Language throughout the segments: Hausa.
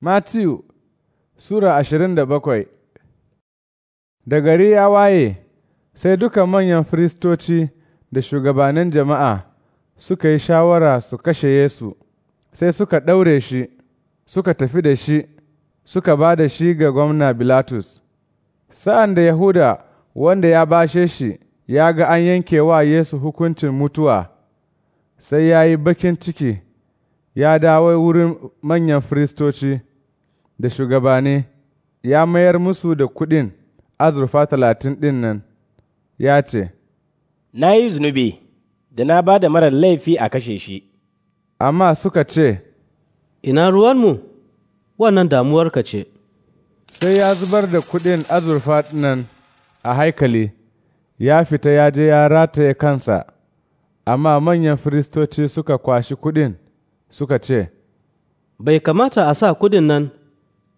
Matthew Sura ashirin da bakwai Da gari ya waye, sai duka manyan firistoci da shugabannin jama'a suka yi shawara su kashe Yesu, sai suka ɗaure shi, suka tafi da shi, suka ba da shi ga gwamna Bilatus. Sa'an da Yahuda wanda ya bashe shi ya ga an yanke wa Yesu hukuncin mutuwa, sai ya yi bakin ciki ya dawo wurin manyan firistoci da shugabani, ya mayar musu da kuɗin azurfa talatin ɗin nan, ya ce, Na yi zunubi da na ba da marar laifi a kashe shi. Amma suka ce, Ina ruwanmu, wannan damuwarka ce. Sai ya zubar da kuɗin azurfa nan a haikali, ya fita ya je ya rataye kansa, amma manyan firistoci suka kwashi kuɗin. suka ce, Bai kamata a sa kudin nan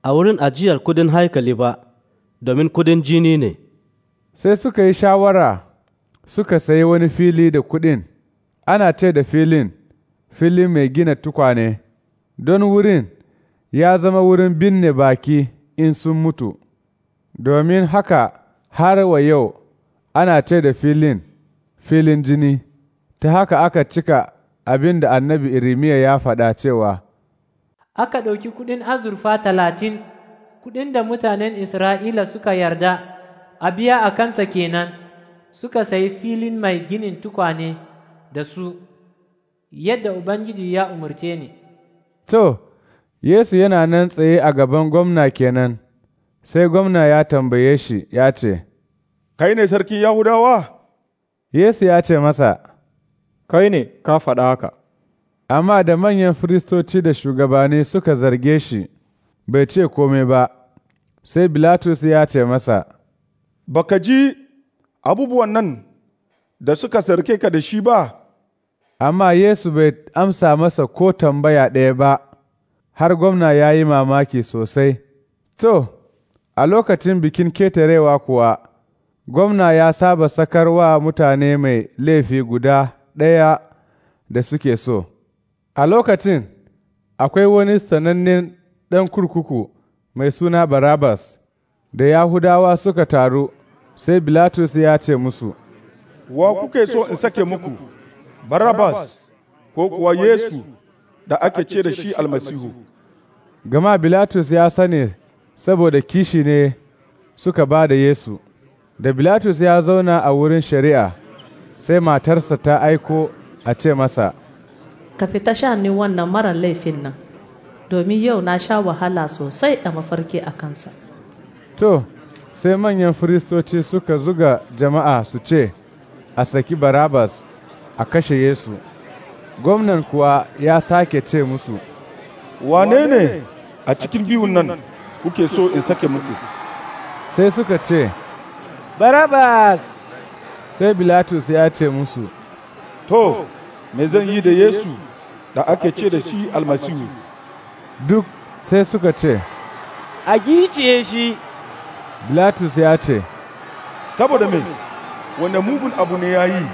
a wurin ajiyar kudin haikali ba, domin kudin jini ne. Sai suka yi shawara suka sayi wani fili da kudin, ana ce da filin, filin mai gina tukwane, don wurin ya zama wurin binne baki in sun mutu, domin haka har wa yau ana ce da filin, filin jini, ta haka aka cika abin da annabi Irimiya ya faɗa cewa, Aka ɗauki kuɗin azurfa talatin, kuɗin da mutanen Isra'ila suka yarda, a biya a kansa kenan, suka sayi filin mai ginin tukwane da su, yadda Ubangiji ya umarce ni. To, Yesu yana nan tsaye a gaban gwamna kenan, sai gwamna ya tambaye shi ya ce, Kai ne sarki Yahudawa? Yesu ya ce masa, kai ne ka faɗa haka. Amma da manyan firistoci da shugabanni suka zarge shi, bai ce kome ba, sai Bilatus ya ce masa, Baka ji abubuwan nan da suka sarke ka da shi ba? Amma Yesu bai amsa masa ko tambaya ɗaya ba, har gwamna ya yi mamaki sosai. To, a lokacin bikin ketarewa kuwa, gwamna ya saba sakarwa mutane mai laifi guda ɗaya da suke so. A lokacin, akwai wani sanannen ɗan kurkuku mai suna Barabas, da Yahudawa suka taru, sai Bilatus ya ce musu, Wa kuke so in sake muku, Barabas ko kuwa Yesu da ake ce da shi almasihu. Gama Bilatus ya sani saboda kishi ne suka ba da Yesu, da Bilatus ya zauna a wurin shari'a. sai matarsa ta aiko a ce masa, Ka fita sha'anin wannan mara laifin nan, domin yau na sha wahala sosai a mafarki a kansa. To, sai manyan firistoci suka zuga jama'a su ce, A saki Barabas a kashe Yesu. Gwamnan kuwa ya sake ce musu, Wane ne a cikin biyun nan kuke so in sake muku? Sai suka ce, Barabas! sai Bilatus ya ce musu, To, me zan yi da Yesu da ake ce da shi almasihu? Duk sai suka ce, A giciye shi. Bilatus ya ce, Saboda me, wanda mugun abu ne ya yi.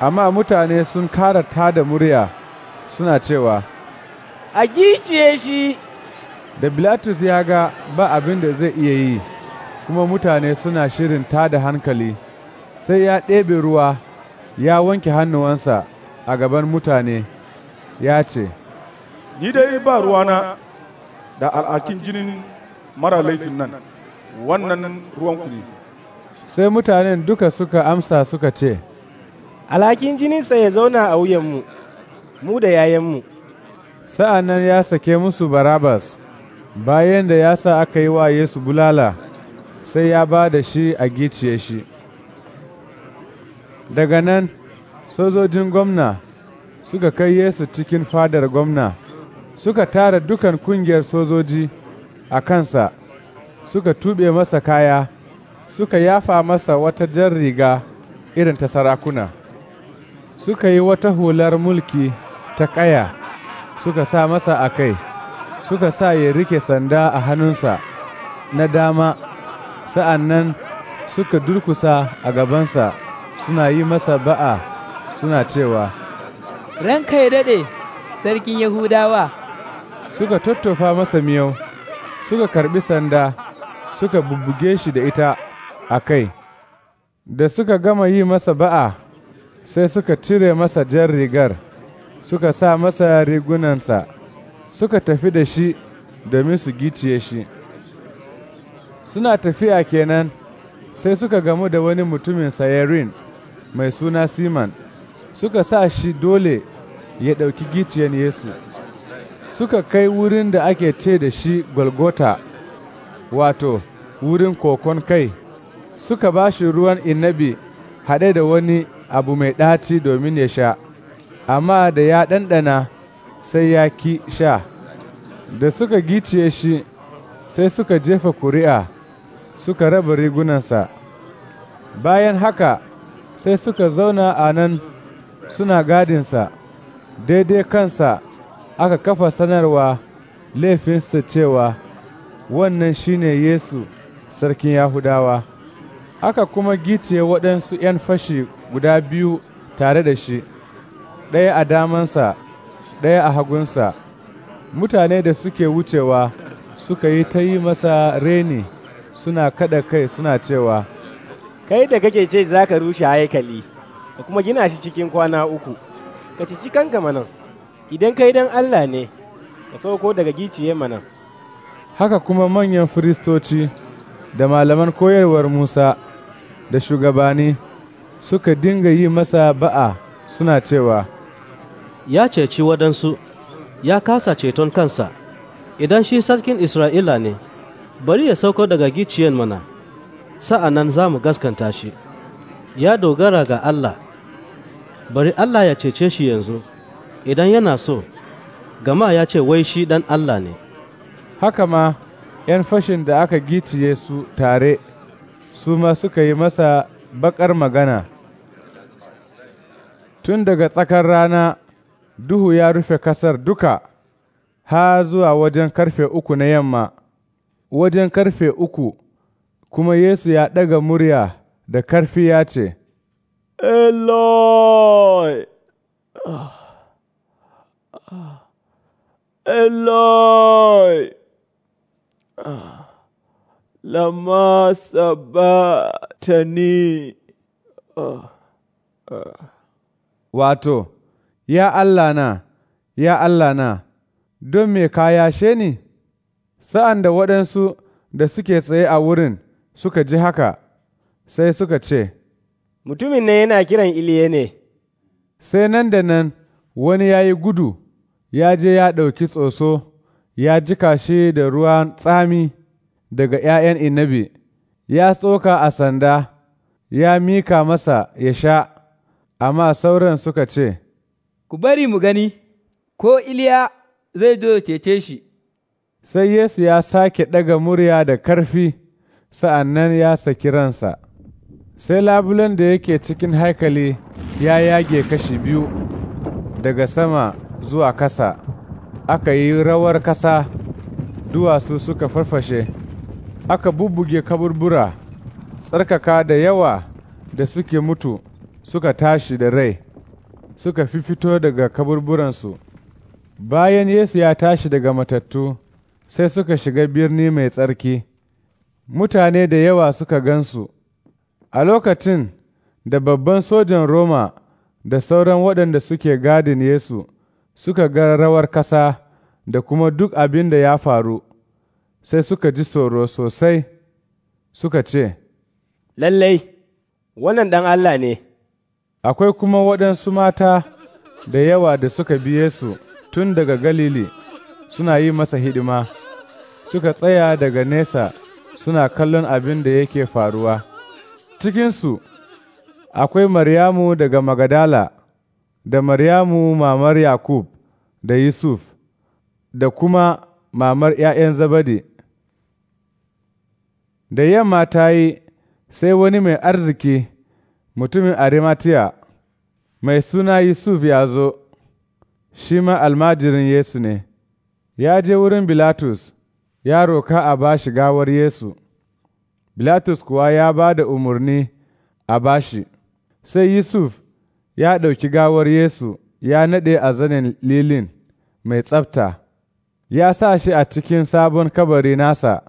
Amma mutane sun kara ta da murya suna cewa, A giciye shi. Da Bilatus ya ga ba abin da zai iya yi, kuma mutane suna shirin ta da hankali. sai ya ɗebe ruwa ya wanke hannuwansa a gaban mutane ya ce, Ni dai ba ruwana da al'akin jinin mara laifin nan, wannan ruwanku ne. Sai mutanen duka suka amsa suka ce, Alhakin jininsa ya zauna a wuyanmu, mu da yayanmu. Sa'an nan ya sake musu barabas, bayan da ya sa aka yi wa Yesu bulala, sai ya ba da shi a giciye shi. daga nan sojojin gwamna suka kai Yesu cikin fadar gwamna suka tara dukan kungiyar sojoji a kansa suka tuɓe masa kaya suka yafa masa wata jan riga irin ta sarakuna suka yi wata hular mulki ta ƙaya suka sa masa a kai suka sa ya rike sanda a hannunsa na dama sa'an nan suka durkusa a gabansa suna yi masa ba'a suna cewa, Ranka ya daɗe, sarkin Yahudawa! Suka tattofa masa miyau, suka karɓi sanda, suka bubbuge shi da ita a kai, da suka gama yi masa ba'a, sai suka cire masa jan rigar, suka sa masa rigunansa, suka tafi da shi domin su giciye shi. Suna tafiya kenan, sai suka gamu da wani mutumin Sayarin. mai suna Siman suka sa shi dole ya ɗauki giciyan Yesu. Suka kai wurin da ake ce da shi Golgota, wato, wurin kokon kai, suka ba shi ruwan inabi haɗe da wani abu mai ɗaci domin ya sha, amma da ya ɗanɗana sai ya ki sha. Da suka giciye shi, sai suka jefa kuri'a, suka raba rigunansa. Bayan haka, sai suka zauna a nan suna gadinsa daidai kansa aka kafa sanarwa laifinsa cewa wannan shine Yesu sarkin Yahudawa aka kuma gice waɗansu ’yan fashi guda biyu tare da shi ɗaya a damansa ɗaya a hagunsa mutane da suke wucewa suka yi ta yi masa reni suna kada kai suna cewa kai da kake ce za ka rushe haikali ka kuma gina shi cikin kwana uku ka cici kanka manan idan kai dan Allah ne ka sauko daga giciye manan haka kuma manyan firistoci da malaman koyarwar Musa da shugabani suka dinga yi masa ba'a suna cewa ya ceci waɗansu ya kasa ceton kansa idan shi sarkin Isra'ila ne bari ya sauko daga giciyen mana. sa'an za mu gaskanta shi ya dogara ga Allah bari Allah ya cece shi yanzu idan yana so gama ya ce wai shi dan Allah ne haka ma ‘yan fashin da aka giciye su tare su ma suka yi masa bakar magana tun daga tsakar rana duhu ya rufe kasar duka ha zuwa wajen karfe uku na yamma wajen karfe uku kuma Yesu ya ɗaga murya da ƙarfi ya ce, Eloi! Eloi! Lama sabatani! Wato, ya Allah na, ya Allah na, don me ka yashe ni? Sa'an da waɗansu da suke tsaye a wurin, suka ji haka sai suka ce, Mutumin nan yana kiran Iliye ne. Sai nan da nan wani ya yi gudu, ya je ya ɗauki tsoso, ya jika shi da ruwan tsami daga ’ya'yan inabi, ya tsoka a sanda, ya mika masa ya sha, amma sauran suka ce, Ku bari mu gani, ko Iliya zai zo cece shi. Sai Yesu ya sake ɗaga murya da ƙarfi. sa'an nan ya saki ransa, sai labulen da yake cikin haikali ya yage kashi biyu daga sama zuwa kasa, aka yi rawar kasa duwatsu suka farfashe, aka bubbuge kaburbura, tsarkaka da yawa da suke mutu suka tashi da rai, suka fi fito daga kaburburansu. Bayan Yesu ya tashi daga matattu, sai suka shiga birni mai tsarki. mutane da yawa suka gansu, a lokacin da babban sojan Roma da sauran waɗanda suke gadin Yesu suka ga rawar ƙasa da kuma duk abin da ya faru, sai suka ji tsoro sosai suka ce, Lallai, wannan ɗan Allah ne. Akwai kuma waɗansu mata da yawa da suka bi Yesu tun daga Galili suna yi masa hidima, suka tsaya daga nesa. suna kallon abin da yake faruwa. Cikinsu akwai Maryamu daga Magadala, da Maryamu mamar Yakub da Yusuf, da kuma mamar ’ya'yan Zabadi. Da yamma ta yi sai wani mai arziki mutumin Arimatiya, mai suna Yusuf ya zo, shi ma almajirin Yesu ne, ya je wurin Bilatus. ya roka a ba shi gawar Yesu, Bilatus kuwa ya ba da umarni a bashi, sai Yusuf ya ɗauki gawar Yesu ya naɗe a zanen lilin mai tsafta, ya sa shi a cikin sabon kabari nasa,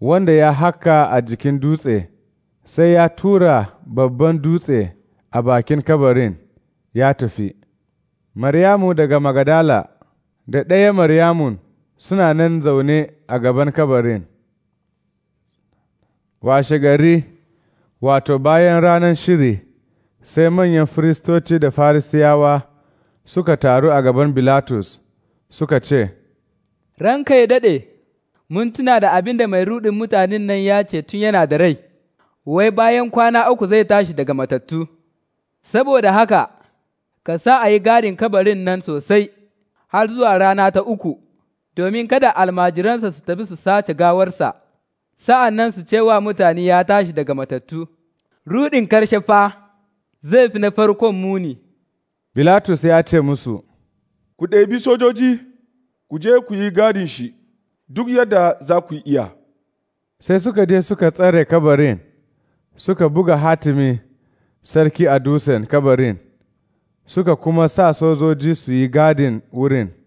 wanda ya haka a jikin dutse, sai ya tura babban dutse a bakin kabarin ya tafi. Maryamu daga Magadala da ɗaya Maryamun suna nan zaune a gaban kabarin. Washe gari, wato bayan ranar shiri, sai manyan firistoci da farisiyawa suka taru a gaban Bilatus suka ce, Ranka ya daɗe, mun tuna da abin da mai ruɗin mutanen nan ya ce tun yana da rai, wai bayan kwana uku zai tashi daga matattu. Saboda haka, ka sa a yi gadin kabarin nan sosai har zuwa rana ta uku. domin kada almajiransa su tafi su sace gawarsa, sa'an nan su cewa mutane ya tashi daga matattu, ruɗin karshe fa zai fi na farkon muni. Bilatus ya ce musu, Ku ɗebi sojoji, ku je ku yi gadin shi, duk yadda za ku iya. Sai suka je suka tsare kabarin, suka buga hatimi sarki a dusen kabarin, suka kuma sa sojoji su yi gadin wurin.